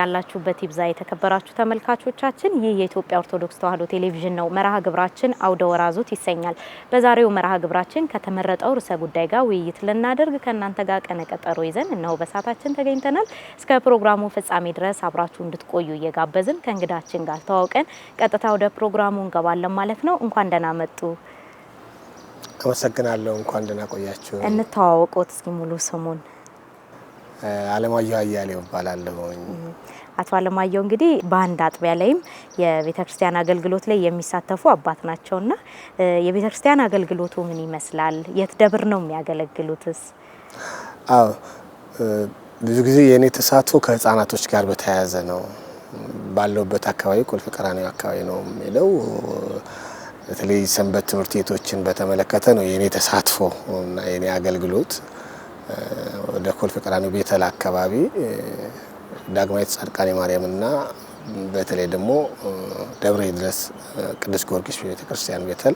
በያላችሁበት ይብዛ የተከበራችሁ ተመልካቾቻችን። ይህ የኢትዮጵያ ኦርቶዶክስ ተዋሕዶ ቴሌቪዥን ነው። መርሃ ግብራችን አውደ ወራዙት ይሰኛል። በዛሬው መርሃ ግብራችን ከተመረጠው ርዕሰ ጉዳይ ጋር ውይይት ልናደርግ ከእናንተ ጋር ቀነ ቀጠሮ ይዘን እነሆ በሳታችን ተገኝተናል። እስከ ፕሮግራሙ ፍጻሜ ድረስ አብራችሁ እንድትቆዩ እየጋበዝን ከእንግዳችን ጋር ተዋውቀን ቀጥታ ወደ ፕሮግራሙ እንገባለን ማለት ነው። እንኳን ደህና መጡ። አመሰግናለሁ። እንኳን ደህና ቆያችሁ። እንተዋወቁት እስኪ ሙሉ ስሙን። አለማየሁ አያሌው እባላለሁኝ። አቶ አለማየሁ እንግዲህ በአንድ አጥቢያ ላይም የቤተ ክርስቲያን አገልግሎት ላይ የሚሳተፉ አባት ናቸው ናቸውና የቤተ ክርስቲያን አገልግሎቱ ምን ይመስላል? የት ደብር ነው የሚያገለግሉትስ? አዎ ብዙ ጊዜ የእኔ ተሳትፎ ከህፃናቶች ጋር በተያያዘ ነው። ባለውበት አካባቢ ቁልፍ ቀራኒዮ አካባቢ ነው የሚለው በተለይ ሰንበት ትምህርት ቤቶችን በተመለከተ ነው የእኔ ተሳትፎ እና የእኔ አገልግሎት ወደ ኮልፌ ቀራኒዮ ቤተል አካባቢ ዳግማዊት ጻድቃኔ እና በተለይ ደግሞ ደብረ ድረስ ቅዱስ ጊዮርጊስ ቤተክርስቲያን ቤተል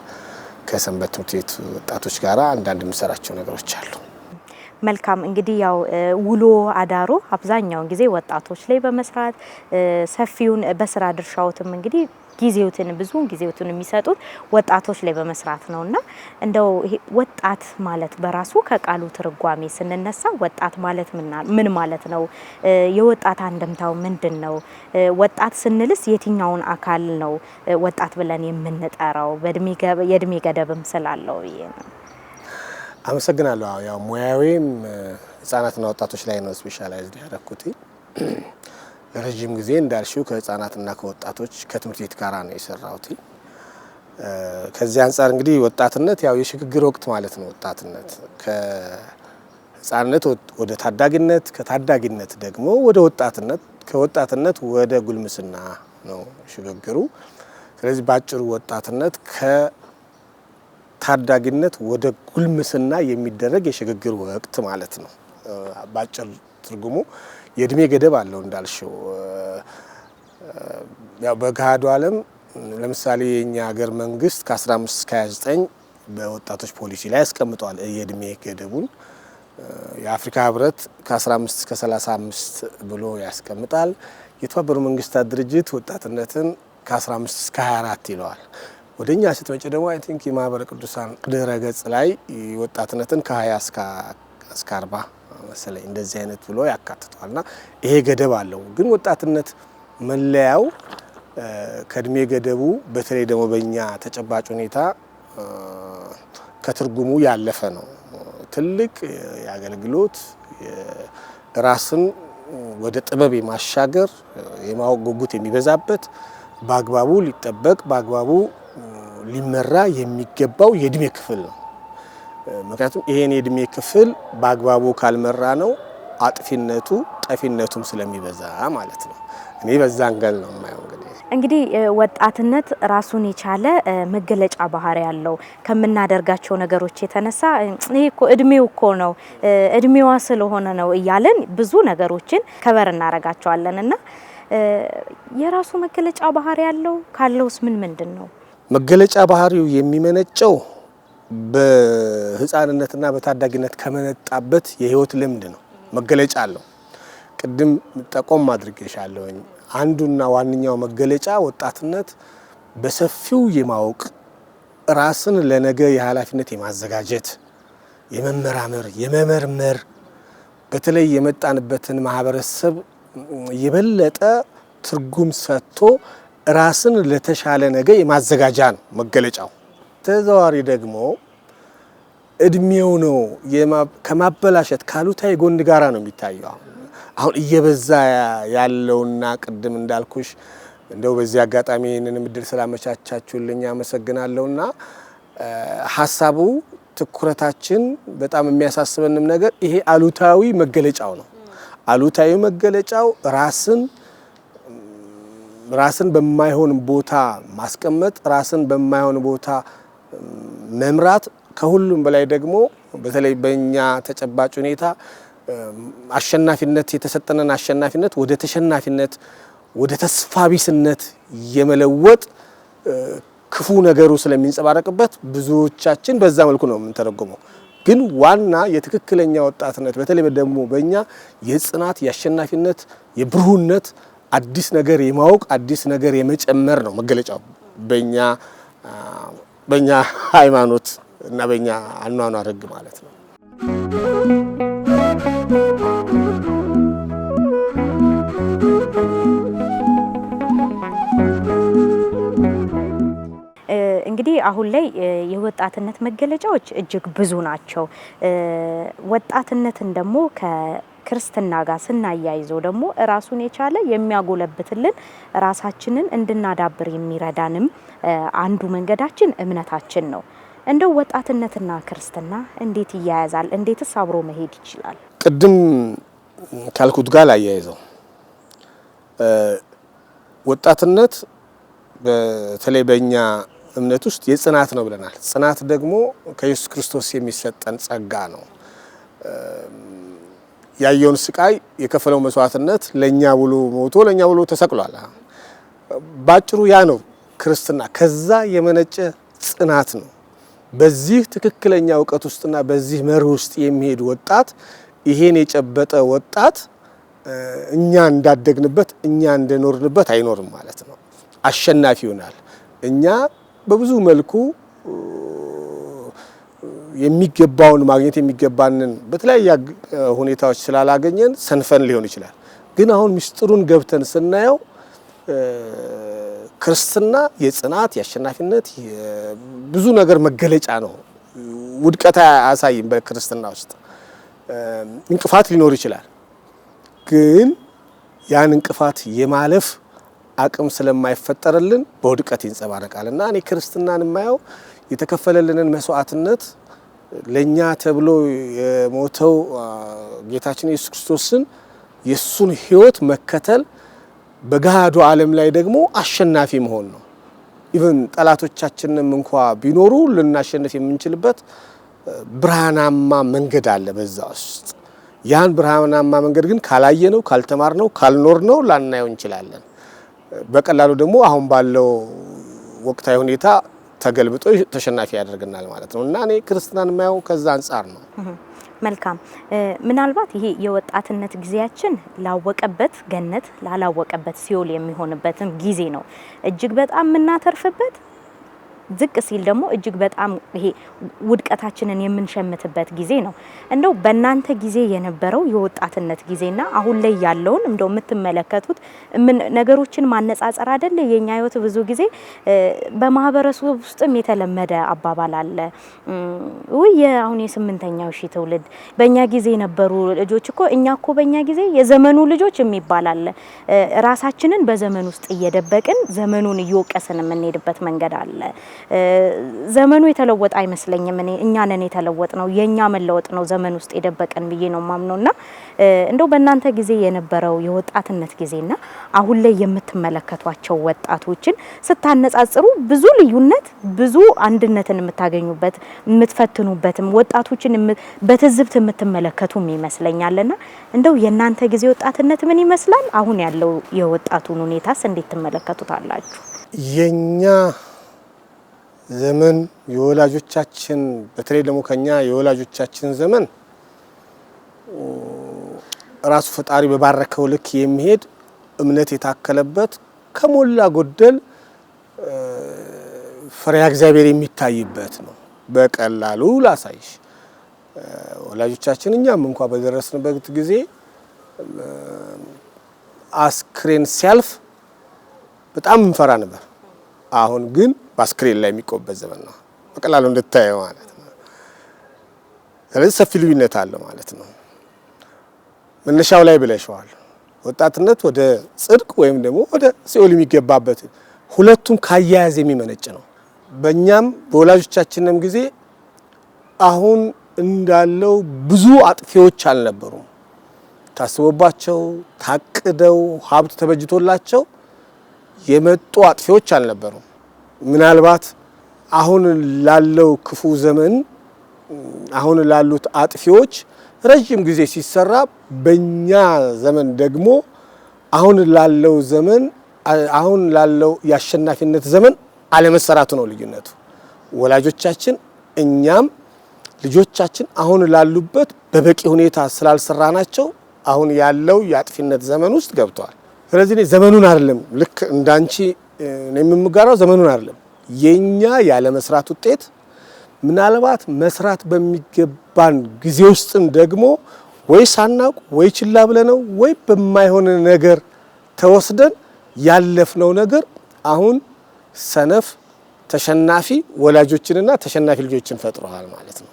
ከሰንበት ትምህርት ቤት ወጣቶች ጋር አንዳንድ የምሰራቸው ነገሮች አሉ። መልካም እንግዲህ ያው ውሎ አዳሩ አብዛኛውን ጊዜ ወጣቶች ላይ በመስራት ሰፊውን በስራ ድርሻዎትም እንግዲህ ጊዜውትን ብዙውን ጊዜውትን የሚሰጡት ወጣቶች ላይ በመስራት ነውና እንደው ወጣት ማለት በራሱ ከቃሉ ትርጓሜ ስንነሳ ወጣት ማለት ምን ማለት ነው? የወጣት አንድምታው ምንድን ነው? ወጣት ስንልስ የትኛውን አካል ነው ወጣት ብለን የምንጠራው? የእድሜ ገደብም ስላለው ብዬ ነው። አመሰግናለሁ። ያው ሙያዊም ህጻናትና ወጣቶች ላይ ነው ስፔሻላይዝ ያደረኩት ረዥም ጊዜ እንዳልሽው ከህፃናትና ከወጣቶች ከትምህርት ቤት ጋር ነው የሰራሁት። ከዚህ አንጻር እንግዲህ ወጣትነት ያው የሽግግር ወቅት ማለት ነው። ወጣትነት ከህፃንነት ወደ ታዳጊነት፣ ከታዳጊነት ደግሞ ወደ ወጣትነት፣ ከወጣትነት ወደ ጉልምስና ነው ሽግግሩ። ስለዚህ በአጭሩ ወጣትነት ከታዳጊነት ወደ ጉልምስና የሚደረግ የሽግግር ወቅት ማለት ነው በአጭር ትርጉሙ። የእድሜ ገደብ አለው እንዳልሽው ያው በገሃዱ ዓለም ለምሳሌ የእኛ ሀገር መንግስት ከ15 እስከ 29 በወጣቶች ፖሊሲ ላይ አስቀምጧል የእድሜ ገደቡን። የአፍሪካ ህብረት ከ15 እስከ 35 ብሎ ያስቀምጣል። የተባበሩ መንግስታት ድርጅት ወጣትነትን ከ15 እስከ 24 ይለዋል። ወደ እኛ ስትመጪ ደግሞ አይ ቲንክ የማህበረ ቅዱሳን ድረ ገጽ ላይ ወጣትነትን ከ20 እስከ 40 መሰለኝ እንደዚህ አይነት ብሎ ያካትተዋል ይሄ ገደብ አለው። ግን ወጣትነት መለያው ከእድሜ ገደቡ በተለይ ደግሞ በእኛ ተጨባጭ ሁኔታ ከትርጉሙ ያለፈ ነው። ትልቅ የአገልግሎት ራስን ወደ ጥበብ የማሻገር የማወቅ ጉጉት የሚበዛበት በአግባቡ ሊጠበቅ በአግባቡ ሊመራ የሚገባው የእድሜ ክፍል ነው። ምክንያቱም ይሄን የእድሜ ክፍል በአግባቡ ካልመራ ነው አጥፊነቱ ጠፊነቱም ስለሚበዛ ማለት ነው። እኔ በዛን ገል ነው የማየው። እንግዲህ እንግዲህ ወጣትነት ራሱን የቻለ መገለጫ ባህሪ ያለው ከምናደርጋቸው ነገሮች የተነሳ ይሄ እኮ እድሜው እኮ ነው እድሜዋ ስለሆነ ነው እያለን ብዙ ነገሮችን ከበር እናደርጋቸዋለን እና የራሱ መገለጫ ባህሪ ያለው ካለውስ ምን ምንድን ነው መገለጫ ባህሪው የሚመነጨው በህፃንነትና በታዳጊነት ከመነጣበት የህይወት ልምድ ነው፣ መገለጫ አለው። ቅድም ጠቆም አድርጌሻለሁኝ። አንዱና ዋነኛው መገለጫ ወጣትነት በሰፊው የማወቅ ራስን ለነገ የኃላፊነት የማዘጋጀት የመመራመር የመመርመር በተለይ የመጣንበትን ማህበረሰብ የበለጠ ትርጉም ሰጥቶ ራስን ለተሻለ ነገ የማዘጋጃ ነው መገለጫው። ተዘዋዋሪ ደግሞ እድሜው ነው ከማበላሸት ካሉታ ጎን ጋራ ነው የሚታየው። አሁን እየበዛ ያለውና ቅድም እንዳልኩሽ እንደው በዚህ አጋጣሚ ይህንን ምድር ስላመቻቻችሁልኝ አመሰግናለሁና ሀሳቡ ትኩረታችን በጣም የሚያሳስበንም ነገር ይሄ አሉታዊ መገለጫው ነው። አሉታዊ መገለጫው ራስን ራስን በማይሆን ቦታ ማስቀመጥ፣ ራስን በማይሆን ቦታ መምራት ከሁሉም በላይ ደግሞ በተለይ በእኛ ተጨባጭ ሁኔታ አሸናፊነት የተሰጠንን አሸናፊነት ወደ ተሸናፊነት ወደ ተስፋ ቢስነት የመለወጥ ክፉ ነገሩ ስለሚንጸባረቅበት ብዙዎቻችን በዛ መልኩ ነው የምንተረጉመው። ግን ዋና የትክክለኛ ወጣትነት በተለይ ደግሞ በእኛ የጽናት የአሸናፊነት፣ የብሩህነት አዲስ ነገር የማወቅ አዲስ ነገር የመጨመር ነው መገለጫው በእኛ በእኛ ሃይማኖት እና በእኛ አኗኗር ህግ ማለት ነው። እንግዲህ አሁን ላይ የወጣትነት መገለጫዎች እጅግ ብዙ ናቸው። ወጣትነትን ደግሞ ከክርስትና ጋር ስናያይዘው ደግሞ ራሱን የቻለ የሚያጎለብትልን ራሳችንን እንድናዳብር የሚረዳንም አንዱ መንገዳችን እምነታችን ነው። እንደው ወጣትነትና ክርስትና እንዴት ይያያዛል? እንዴትስ አብሮ መሄድ ይችላል? ቅድም ካልኩት ጋር ላያይዘው። ወጣትነት በተለይ በእኛ እምነት ውስጥ የጽናት ነው ብለናል። ጽናት ደግሞ ከኢየሱስ ክርስቶስ የሚሰጠን ጸጋ ነው። ያየውን ስቃይ የከፈለው መስዋዕትነት ለእኛ ብሎ ሞቶ ለእኛ ብሎ ተሰቅሏል። ባጭሩ ያ ነው ክርስትና። ከዛ የመነጨ ጽናት ነው። በዚህ ትክክለኛ እውቀት ውስጥና በዚህ መርህ ውስጥ የሚሄድ ወጣት ይሄን የጨበጠ ወጣት እኛ እንዳደግንበት እኛ እንደኖርንበት አይኖርም ማለት ነው። አሸናፊ ይሆናል። እኛ በብዙ መልኩ የሚገባውን ማግኘት የሚገባንን በተለያየ ሁኔታዎች ስላላገኘን ሰንፈን ሊሆን ይችላል። ግን አሁን ምስጢሩን ገብተን ስናየው ክርስትና የጽናት የአሸናፊነት ብዙ ነገር መገለጫ ነው። ውድቀት አያሳይም። በክርስትና ውስጥ እንቅፋት ሊኖር ይችላል፣ ግን ያን እንቅፋት የማለፍ አቅም ስለማይፈጠርልን በውድቀት ይንጸባረቃል እና እኔ ክርስትናን የማየው የተከፈለልንን መስዋዕትነት ለእኛ ተብሎ የሞተው ጌታችን ኢየሱስ ክርስቶስን የእሱን ሕይወት መከተል በገሃዱ ዓለም ላይ ደግሞ አሸናፊ መሆን ነው። ኢቨን ጠላቶቻችንም እንኳ ቢኖሩ ልናሸንፍ የምንችልበት ብርሃናማ መንገድ አለ በዛ ውስጥ። ያን ብርሃናማ መንገድ ግን ካላየነው፣ ካልተማርነው፣ ነው ላናየው እንችላለን። በቀላሉ ደግሞ አሁን ባለው ወቅታዊ ሁኔታ ተገልብጦ ተሸናፊ ያደርግናል ማለት ነው እና እኔ ክርስትናን የማየው ከዛ አንጻር ነው። መልካም ምናልባት ይሄ የወጣትነት ጊዜያችን ላወቀበት ገነት፣ ላላወቀበት ሲኦል የሚሆንበትም ጊዜ ነው እጅግ በጣም የምናተርፍበት ዝቅ ሲል ደግሞ እጅግ በጣም ይሄ ውድቀታችንን የምንሸምትበት ጊዜ ነው። እንደው በእናንተ ጊዜ የነበረው የወጣትነት ጊዜና አሁን ላይ ያለውን እንደው የምትመለከቱት ነገሮችን ማነጻጸር አይደለ? የኛ ህይወት ብዙ ጊዜ በማህበረሰቡ ውስጥም የተለመደ አባባል አለ። ውይ የአሁን የስምንተኛው ሺ ትውልድ በእኛ ጊዜ የነበሩ ልጆች እኮ እኛ እኮ በእኛ ጊዜ የዘመኑ ልጆች የሚባል አለ። ራሳችንን በዘመን ውስጥ እየደበቅን ዘመኑን እየወቀስን የምንሄድበት መንገድ አለ። ዘመኑ የተለወጠ አይመስለኝም። እኔ እኛ ነን የተለወጥ ነው የእኛ መለወጥ ነው ዘመን ውስጥ የደበቀን ብዬ ነው ማምነው እና እንደው በእናንተ ጊዜ የነበረው የወጣትነት ጊዜና አሁን ላይ የምትመለከቷቸው ወጣቶችን ስታነጻጽሩ ብዙ ልዩነት፣ ብዙ አንድነትን የምታገኙበት የምትፈትኑበትም ወጣቶችን በትዝብት የምትመለከቱም ይመስለኛልና እንደው የእናንተ ጊዜ ወጣትነት ምን ይመስላል? አሁን ያለው የወጣቱን ሁኔታስ እንዴት ትመለከቱታላችሁ? የኛ ዘመን የወላጆቻችን በተለይ ደግሞ ከኛ የወላጆቻችን ዘመን ራሱ ፈጣሪ በባረከው ልክ የሚሄድ እምነት የታከለበት ከሞላ ጎደል ፍሬያ እግዚአብሔር የሚታይበት ነው። በቀላሉ ላሳይሽ። ወላጆቻችን እኛም እንኳ በደረስንበት ጊዜ አስክሬን ሲያልፍ በጣም እንፈራ ነበር። አሁን ግን በአስክሬን ላይ የሚቆምበት ዘመን ነው። በቀላሉ እንድታየው ማለት ነው። ስለዚህ ሰፊ ልዩነት አለ ማለት ነው። መነሻው ላይ ብለሽዋል። ወጣትነት ወደ ጽድቅ ወይም ደግሞ ወደ ሲኦል የሚገባበት ሁለቱም ካያያዝ የሚመነጭ ነው። በእኛም በወላጆቻችንም ጊዜ አሁን እንዳለው ብዙ አጥፊዎች አልነበሩም። ታስቦባቸው ታቅደው ሀብት ተበጅቶላቸው የመጡ አጥፊዎች አልነበሩም። ምናልባት አሁን ላለው ክፉ ዘመን አሁን ላሉት አጥፊዎች ረዥም ጊዜ ሲሰራ፣ በእኛ ዘመን ደግሞ አሁን ላለው ዘመን አሁን ላለው የአሸናፊነት ዘመን አለመሰራቱ ነው ልዩነቱ። ወላጆቻችን እኛም ልጆቻችን አሁን ላሉበት በበቂ ሁኔታ ስላልሰራናቸው አሁን ያለው የአጥፊነት ዘመን ውስጥ ገብተዋል። ስለዚህ እኔ ዘመኑን አይደለም ልክ እንዳንቺ የምምጋራው ዘመኑን አይደለም የኛ ያለ መስራት ውጤት ምናልባት መስራት በሚገባን ጊዜ ውስጥም ደግሞ ወይ ሳናውቅ ወይ ችላ ብለነው ወይ በማይሆን ነገር ተወስደን ያለፍነው ነገር አሁን ሰነፍ ተሸናፊ ወላጆችንና ተሸናፊ ልጆችን ፈጥረዋል ማለት ነው።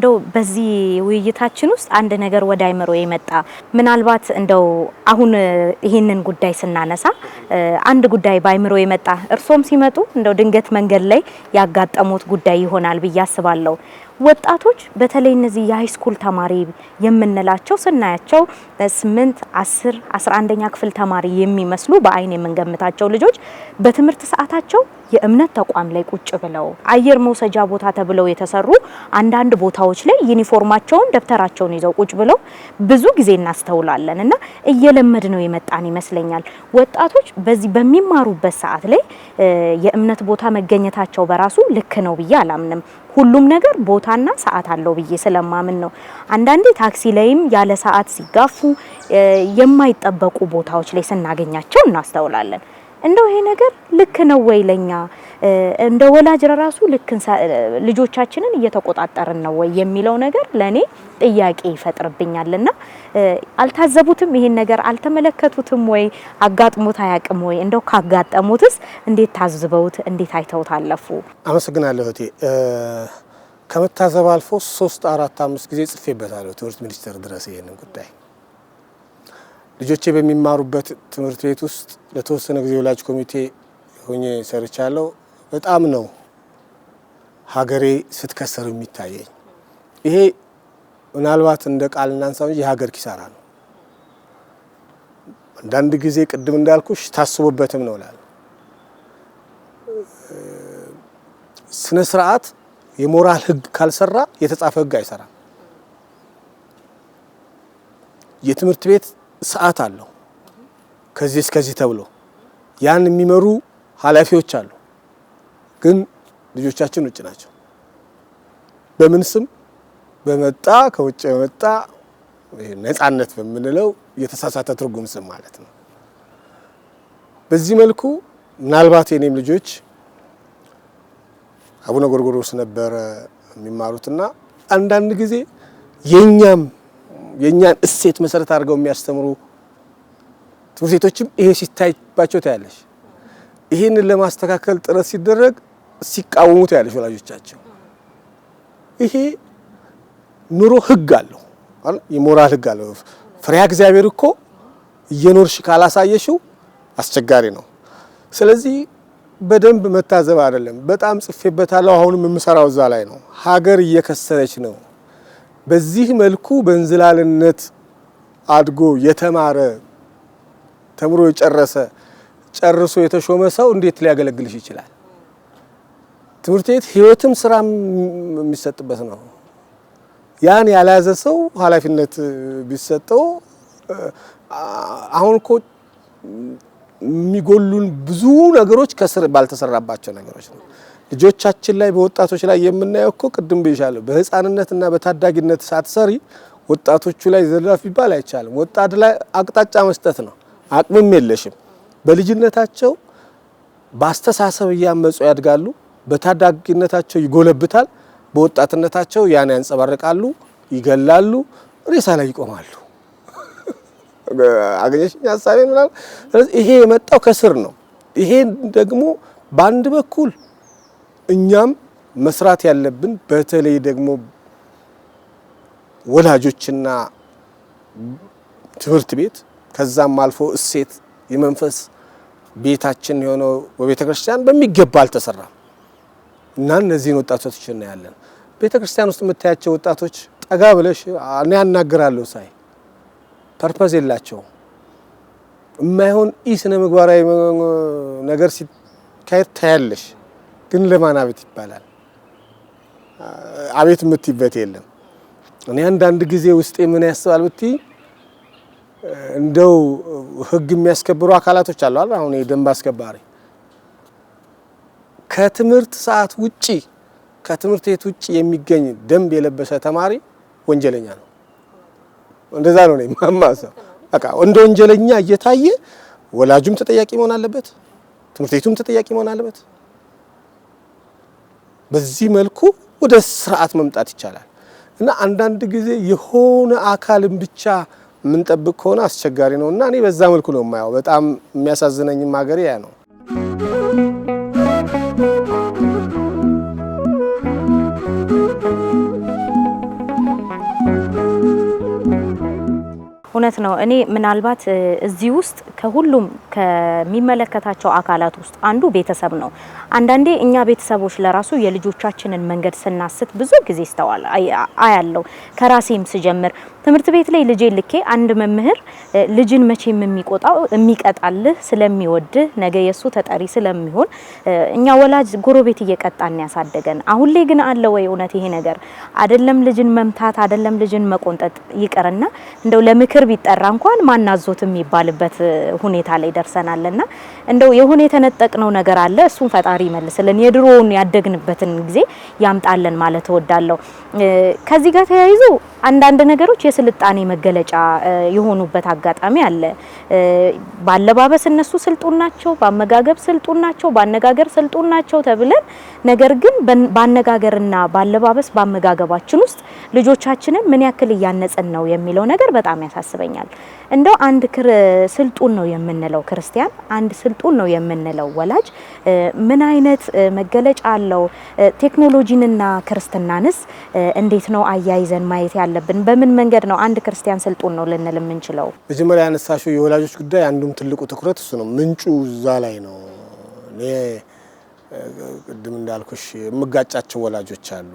እንደው በዚህ ውይይታችን ውስጥ አንድ ነገር ወደ አይምሮ የመጣ ምናልባት እንደው አሁን ይህንን ጉዳይ ስናነሳ አንድ ጉዳይ በአይምሮ የመጣ እርሶም ሲመጡ እንደው ድንገት መንገድ ላይ ያጋጠሙት ጉዳይ ይሆናል ብዬ አስባለሁ። ወጣቶች በተለይ እነዚህ የሃይስኩል ተማሪ የምንላቸው ስናያቸው ስምንት አስር አስራ አንደኛ ክፍል ተማሪ የሚመስሉ በአይን የምንገምታቸው ልጆች በትምህርት ሰዓታቸው የእምነት ተቋም ላይ ቁጭ ብለው አየር መውሰጃ ቦታ ተብለው የተሰሩ አንዳንድ ቦታዎች ላይ ዩኒፎርማቸውን ደብተራቸውን ይዘው ቁጭ ብለው ብዙ ጊዜ እናስተውላለን እና እየለመድ ነው የመጣን ይመስለኛል። ወጣቶች በዚህ በሚማሩበት ሰዓት ላይ የእምነት ቦታ መገኘታቸው በራሱ ልክ ነው ብዬ አላምንም። ሁሉም ነገር ቦታና ሰዓት አለው ብዬ ስለማምን ነው። አንዳንዴ ታክሲ ላይም ያለ ሰዓት ሲጋፉ የማይጠበቁ ቦታዎች ላይ ስናገኛቸው እናስተውላለን። እንደው ይሄ ነገር ልክ ነው ወይ ለኛ እንደ ወላጅ ራሱ ልክ ልጆቻችንን እየተቆጣጠርን ነው ወይ የሚለው ነገር ለኔ ጥያቄ ይፈጥርብኛልና አልታዘቡትም? ይሄን ነገር አልተመለከቱትም ወይ አጋጥሞት አያውቅም ወይ? እንደው ካጋጠሙትስ እንዴት ታዝበውት እንዴት አይተውት አለፉ? አመሰግናለሁ እህቴ። ከመታዘብ አልፎ ሶስት አራት አምስት ጊዜ ጽፌበታለሁ ትምህርት ሚኒስቴር ድረስ ይሄንን ጉዳይ ልጆቼ በሚማሩበት ትምህርት ቤት ውስጥ ለተወሰነ ጊዜ ወላጅ ኮሚቴ ሆኜ ሰርቻለሁ። በጣም ነው ሀገሬ ስትከሰር የሚታየኝ። ይሄ ምናልባት እንደ ቃል እናንሳ እንጂ የሀገር ኪሳራ ነው። አንዳንድ ጊዜ ቅድም እንዳልኩሽ ታስቦበትም ነው እላለሁ። ስነ ስርዓት የሞራል ህግ ካልሰራ የተጻፈ ህግ አይሰራም። የትምህርት ቤት ሰዓት አለው። ከዚህ እስከዚህ ተብሎ ያን የሚመሩ ኃላፊዎች አሉ። ግን ልጆቻችን ውጭ ናቸው። በምን ስም በመጣ ከውጭ በመጣ ነፃነት በምንለው የተሳሳተ ትርጉም ስም ማለት ነው። በዚህ መልኩ ምናልባት የኔም ልጆች አቡነ ጎርጎርዮስ ነበረ የሚማሩትና አንዳንድ ጊዜ የኛም የእኛን እሴት መሰረት አድርገው የሚያስተምሩ ትምህርት ቤቶችም ይሄ ሲታይባቸው ታያለሽ። ይህንን ለማስተካከል ጥረት ሲደረግ ሲቃወሙ ታያለሽ ወላጆቻቸው። ይሄ ኑሮ ህግ አለው አይደል? የሞራል ህግ አለው። ፍሬያ እግዚአብሔር እኮ እየኖርሽ ካላሳየሽው አስቸጋሪ ነው። ስለዚህ በደንብ መታዘብ አይደለም። በጣም ጽፌበታለሁ። አሁንም የምሰራው እዛ ላይ ነው። ሀገር እየከሰረች ነው። በዚህ መልኩ በእንዝላልነት አድጎ የተማረ ተምሮ የጨረሰ ጨርሶ የተሾመ ሰው እንዴት ሊያገለግልሽ ይችላል? ትምህርት ቤት ህይወትም ስራም የሚሰጥበት ነው። ያን ያልያዘ ሰው ኃላፊነት ቢሰጠው አሁን እኮ የሚጎሉን ብዙ ነገሮች ከስር ባልተሰራባቸው ነገሮች ነው። ልጆቻችን ላይ በወጣቶች ላይ የምናየው እኮ ቅድም ብይሻለሁ፣ በህፃንነትና በታዳጊነት ሳትሰሪ ወጣቶቹ ላይ ዘራፍ ይባል አይቻልም። ወጣት ላይ አቅጣጫ መስጠት ነው፣ አቅምም የለሽም። በልጅነታቸው በአስተሳሰብ እያመጹ ያድጋሉ፣ በታዳጊነታቸው ይጎለብታል፣ በወጣትነታቸው ያን ያንጸባርቃሉ፣ ይገላሉ፣ ሬሳ ላይ ይቆማሉ። አገኘሽኝ ሀሳቤ ምናምን። ስለዚህ ይሄ የመጣው ከስር ነው። ይሄ ደግሞ በአንድ በኩል እኛም መስራት ያለብን በተለይ ደግሞ ወላጆችና ትምህርት ቤት ከዛም አልፎ እሴት የመንፈስ ቤታችን የሆነው በቤተ ክርስቲያን በሚገባ አልተሰራም እና እነዚህን ወጣቶች እናያለን። ቤተ ክርስቲያን ውስጥ የምታያቸው ወጣቶች ጠጋ ብለሽ እኔ ያናግራለሁ ሳይ ፐርፐዝ የላቸው የማይሆን ኢ ስነ ምግባራዊ ነገር ሲካሄድ ታያለሽ። ግን ለማን አቤት ይባላል? አቤት የምትይበት የለም። እኔ አንዳንድ ጊዜ ውስጤ ምን ያስባል ብቲ እንደው ህግ የሚያስከብሩ አካላቶች አሉ አይደል? አሁን የደንብ አስከባሪ ከትምህርት ሰዓት ውጪ ከትምህርት ቤት ውጪ የሚገኝ ደንብ የለበሰ ተማሪ ወንጀለኛ ነው። እንደዛ ነው ነው ማማሰብ። በቃ እንደ ወንጀለኛ እየታየ ወላጁም ተጠያቂ መሆን አለበት፣ ትምህርት ቤቱም ተጠያቂ መሆን አለበት። በዚህ መልኩ ወደ ስርዓት መምጣት ይቻላል እና አንዳንድ ጊዜ የሆነ አካልን ብቻ የምንጠብቅ ከሆነ አስቸጋሪ ነው እና እኔ በዛ መልኩ ነው የማየው። በጣም የሚያሳዝነኝም ሀገሬ ያ ነው። እውነት ነው። እኔ ምናልባት እዚህ ውስጥ ከሁሉም ከሚመለከታቸው አካላት ውስጥ አንዱ ቤተሰብ ነው። አንዳንዴ እኛ ቤተሰቦች ለራሱ የልጆቻችንን መንገድ ስናስት ብዙ ጊዜ ይስተዋል አያለው። ከራሴም ስጀምር ትምህርት ቤት ላይ ልጄ ልኬ አንድ መምህር ልጅን መቼም የሚቆጣው የሚቀጣልህ ስለሚወድህ ነገ የእሱ ተጠሪ ስለሚሆን እኛ ወላጅ ጎረቤት እየቀጣን ያሳደገን። አሁን ላይ ግን አለ ወይ እውነት ይሄ ነገር? አደለም ልጅን መምታት አደለም ልጅን መቆንጠጥ ይቅርና እንደው ለምክር ቢጠራ እንኳን ማናዞት የሚባልበት ሁኔታ ላይ ደርሰናልና እንደው የሆነ የተነጠቅነው ነገር አለ። እሱን ፈጣሪ ይመልስልን፣ የድሮውን ያደግንበትን ጊዜ ያምጣልን ማለት እወዳለሁ። ከዚህ ጋር ተያይዞ አንዳንድ ነገሮች የስልጣኔ መገለጫ የሆኑበት አጋጣሚ አለ። ባለባበስ እነሱ ስልጡን ናቸው፣ በአመጋገብ ስልጡን ናቸው፣ በአነጋገር ስልጡን ናቸው ተብለን ነገር ግን በአነጋገርና ባለባበስ በአመጋገባችን ውስጥ ልጆቻችንን ምን ያክል እያነጸን ነው የሚለው ነገር በጣም ያሳስበኛል። እንደው አንድ ስልጡን ነው የምንለው ክርስቲያን፣ አንድ ስልጡን ነው የምንለው ወላጅ ምን አይነት መገለጫ አለው? ቴክኖሎጂንና ክርስትናንስ እንዴት ነው አያይዘን ማየት ያለ አለብን? በምን መንገድ ነው አንድ ክርስቲያን ስልጡን ነው ልንል የምንችለው? መጀመሪያ ያነሳሽው የወላጆች ጉዳይ አንዱም ትልቁ ትኩረት እሱ ነው። ምንጩ እዛ ላይ ነው። እኔ ቅድም እንዳልኩሽ የምጋጫቸው ወላጆች አሉ።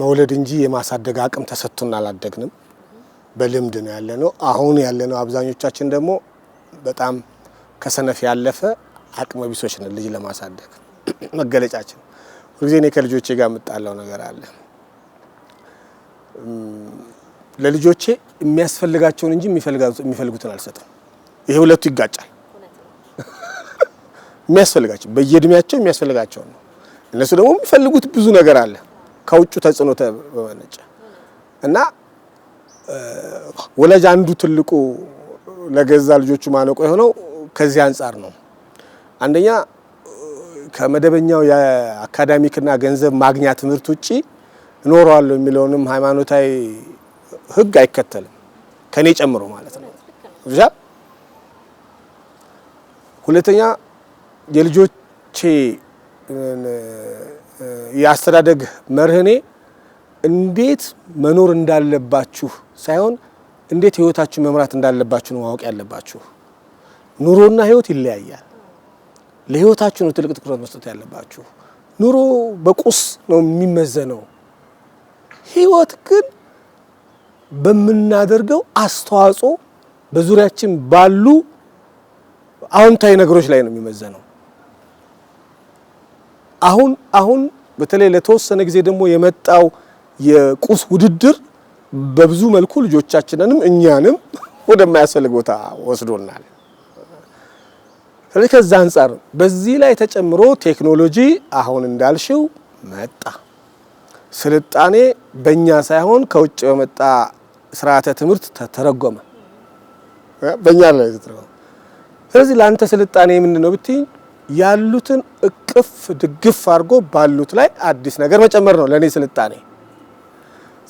መውለድ እንጂ የማሳደግ አቅም ተሰጥቶን አላደግንም። በልምድ ነው ያለ ነው። አሁን ያለ ነው። አብዛኞቻችን ደግሞ በጣም ከሰነፍ ያለፈ አቅመ ቢሶች ነን ልጅ ለማሳደግ መገለጫችን ሁልጊዜ እኔ ከልጆቼ ጋር የምጣለው ነገር አለ። ለልጆቼ የሚያስፈልጋቸውን እንጂ የሚፈልጉትን አልሰጥም። ይሄ ሁለቱ ይጋጫል። የሚያስፈልጋቸው በየእድሜያቸው የሚያስፈልጋቸው ነው። እነሱ ደግሞ የሚፈልጉት ብዙ ነገር አለ ከውጭ ተጽዕኖ በመነጨ እና ወላጅ አንዱ ትልቁ ለገዛ ልጆቹ ማነቆ የሆነው ከዚህ አንጻር ነው። አንደኛ ከመደበኛው የአካዳሚክና ገንዘብ ማግኛ ትምህርት ውጪ እኖረዋለሁ የሚለውንም ሃይማኖታዊ ህግ አይከተልም ከኔ ጨምሮ ማለት ነው። ሁለተኛ የልጆቼ የአስተዳደግ መርህኔ እንዴት መኖር እንዳለባችሁ ሳይሆን እንዴት ህይወታችሁ መምራት እንዳለባችሁ ነው ማወቅ ያለባችሁ። ኑሮና ህይወት ይለያያል። ለህይወታችሁ ነው ትልቅ ትኩረት መስጠት ያለባችሁ። ኑሮ በቁስ ነው የሚመዘነው። ህይወት ግን በምናደርገው አስተዋጽኦ፣ በዙሪያችን ባሉ አዎንታዊ ነገሮች ላይ ነው የሚመዘነው። አሁን አሁን በተለይ ለተወሰነ ጊዜ ደግሞ የመጣው የቁስ ውድድር በብዙ መልኩ ልጆቻችንንም እኛንም ወደማያስፈልግ ቦታ ወስዶናል። ስለዚህ ከዛ አንጻር በዚህ ላይ ተጨምሮ ቴክኖሎጂ አሁን እንዳልሽው መጣ። ስልጣኔ በእኛ ሳይሆን ከውጭ በመጣ ስርዓተ ትምህርት ተተረጎመ፣ በእኛ ላይ ተተረጎመ። ስለዚህ ለአንተ ስልጣኔ ምንድን ነው ብትይ ያሉትን እቅፍ ድግፍ አድርጎ ባሉት ላይ አዲስ ነገር መጨመር ነው ለእኔ ስልጣኔ።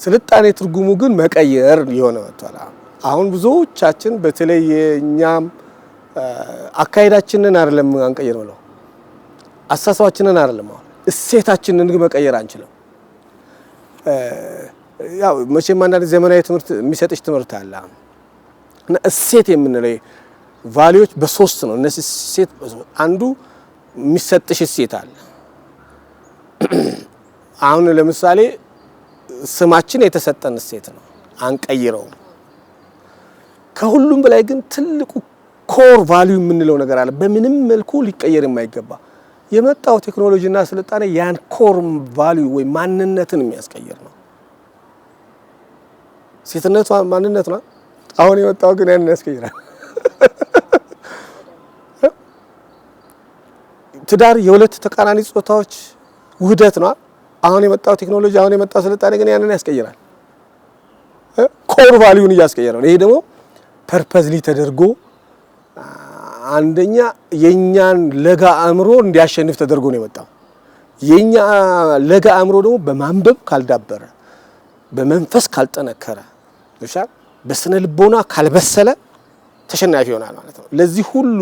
ስልጣኔ ትርጉሙ ግን መቀየር የሆነ መጥቷል። አሁን ብዙዎቻችን በተለይ የእኛም አካሄዳችንን አይደለም አንቀይር ብለው አስተሳሰባችንን አይደለም አሁን እሴታችንን ግን መቀየር አንችልም። ያው መቼም አንዳንድ ዘመናዊ ትምህርት የሚሰጥሽ ትምህርት አለ እና እሴት የምንለው ቫሊዎች በሶስት ነው። እነዚህ እሴት አንዱ የሚሰጥሽ እሴት አለ። አሁን ለምሳሌ ስማችን የተሰጠን እሴት ነው፣ አንቀይረውም። ከሁሉም በላይ ግን ትልቁ ኮር ቫሊዩ የምንለው ነገር አለ። በምንም መልኩ ሊቀየር የማይገባ የመጣው ቴክኖሎጂና ስልጣኔ ያን ኮር ቫሊዩ ወይ ማንነትን የሚያስቀይር ነው። ሴትነት ማንነት ነው። አሁን የመጣው ግን ያንን ያስቀይራል። ትዳር የሁለት ተቃራኒ ጾታዎች ውህደት ነው። አሁን የመጣው ቴክኖሎጂ፣ አሁን የመጣው ስልጣኔ ግን ያንን ያስቀይራል። ኮር ቫሊዩን እያስቀየረ ነው። ይሄ ደግሞ ፐርፐዝሊ ተደርጎ አንደኛ የእኛን ለጋ አእምሮ እንዲያሸንፍ ተደርጎ ነው የመጣው። የእኛ ለጋ አእምሮ ደግሞ በማንበብ ካልዳበረ፣ በመንፈስ ካልጠነከረ፣ በስነ ልቦና ካልበሰለ ተሸናፊ ይሆናል ማለት ነው። ለዚህ ሁሉ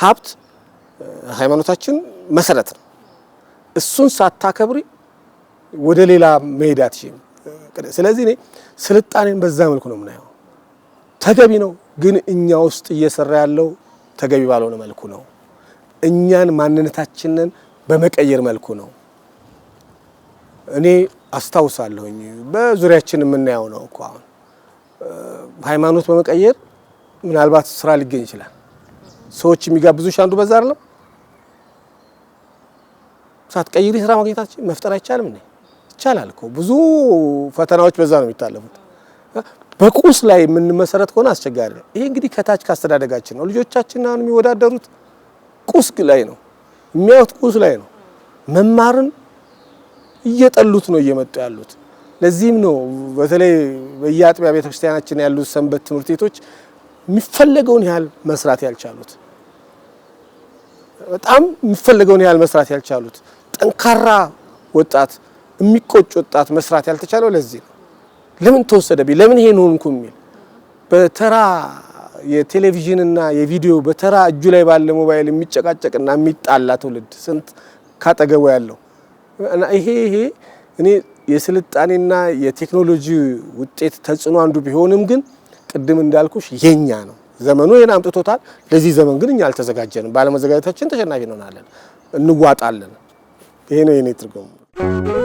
ሀብት ሃይማኖታችን መሰረት ነው። እሱን ሳታከብሪ ወደ ሌላ መሄዳት። ስለዚህ እኔ ስልጣኔን በዛ መልኩ ነው የምናየው። ተገቢ ነው፣ ግን እኛ ውስጥ እየሰራ ያለው ተገቢ ባልሆነ መልኩ ነው። እኛን ማንነታችንን በመቀየር መልኩ ነው። እኔ አስታውሳለሁኝ በዙሪያችን የምናየው ነው እኮ አሁን ሃይማኖት በመቀየር ምናልባት ስራ ሊገኝ ይችላል። ሰዎች የሚጋብዙሽ አንዱ በዛ አይደለም። ሳትቀይሪ ስራ ማግኘታችን መፍጠር አይቻልም? ይቻላል እኮ ብዙ ፈተናዎች በዛ ነው የሚታለፉት። በቁስ ላይ የምንመሰረት ከሆነ አስቸጋሪ ነው። ይሄ እንግዲህ ከታች ካስተዳደጋችን ነው። ልጆቻችን አሁን የሚወዳደሩት ቁስ ላይ ነው፣ የሚያዩት ቁስ ላይ ነው። መማርን እየጠሉት ነው እየመጡ ያሉት። ለዚህም ነው በተለይ በየአጥቢያ ቤተክርስቲያናችን ያሉት ሰንበት ትምህርት ቤቶች የሚፈለገውን ያህል መስራት ያልቻሉት በጣም የሚፈለገውን ያህል መስራት ያልቻሉት ጠንካራ ወጣት የሚቆጭ ወጣት መስራት ያልተቻለው ለዚህ ነው። ለምን ተወሰደብኝ፣ ለምን ይሄን ሆንኩ የሚል በተራ የቴሌቪዥንና የቪዲዮ በተራ እጁ ላይ ባለ ሞባይል የሚጨቃጨቅና የሚጣላ ትውልድ ስንት ካጠገቡ ያለው ይሄ ይሄ እኔ የስልጣኔና የቴክኖሎጂ ውጤት ተጽዕኖ አንዱ ቢሆንም ግን ቅድም እንዳልኩሽ የኛ ነው ዘመኑ ይህን አምጥቶታል። ለዚህ ዘመን ግን እኛ አልተዘጋጀንም። ባለመዘጋጀታችን ተሸናፊ እንሆናለን፣ እንዋጣለን። ይሄ ነው የኔ ትርጉም።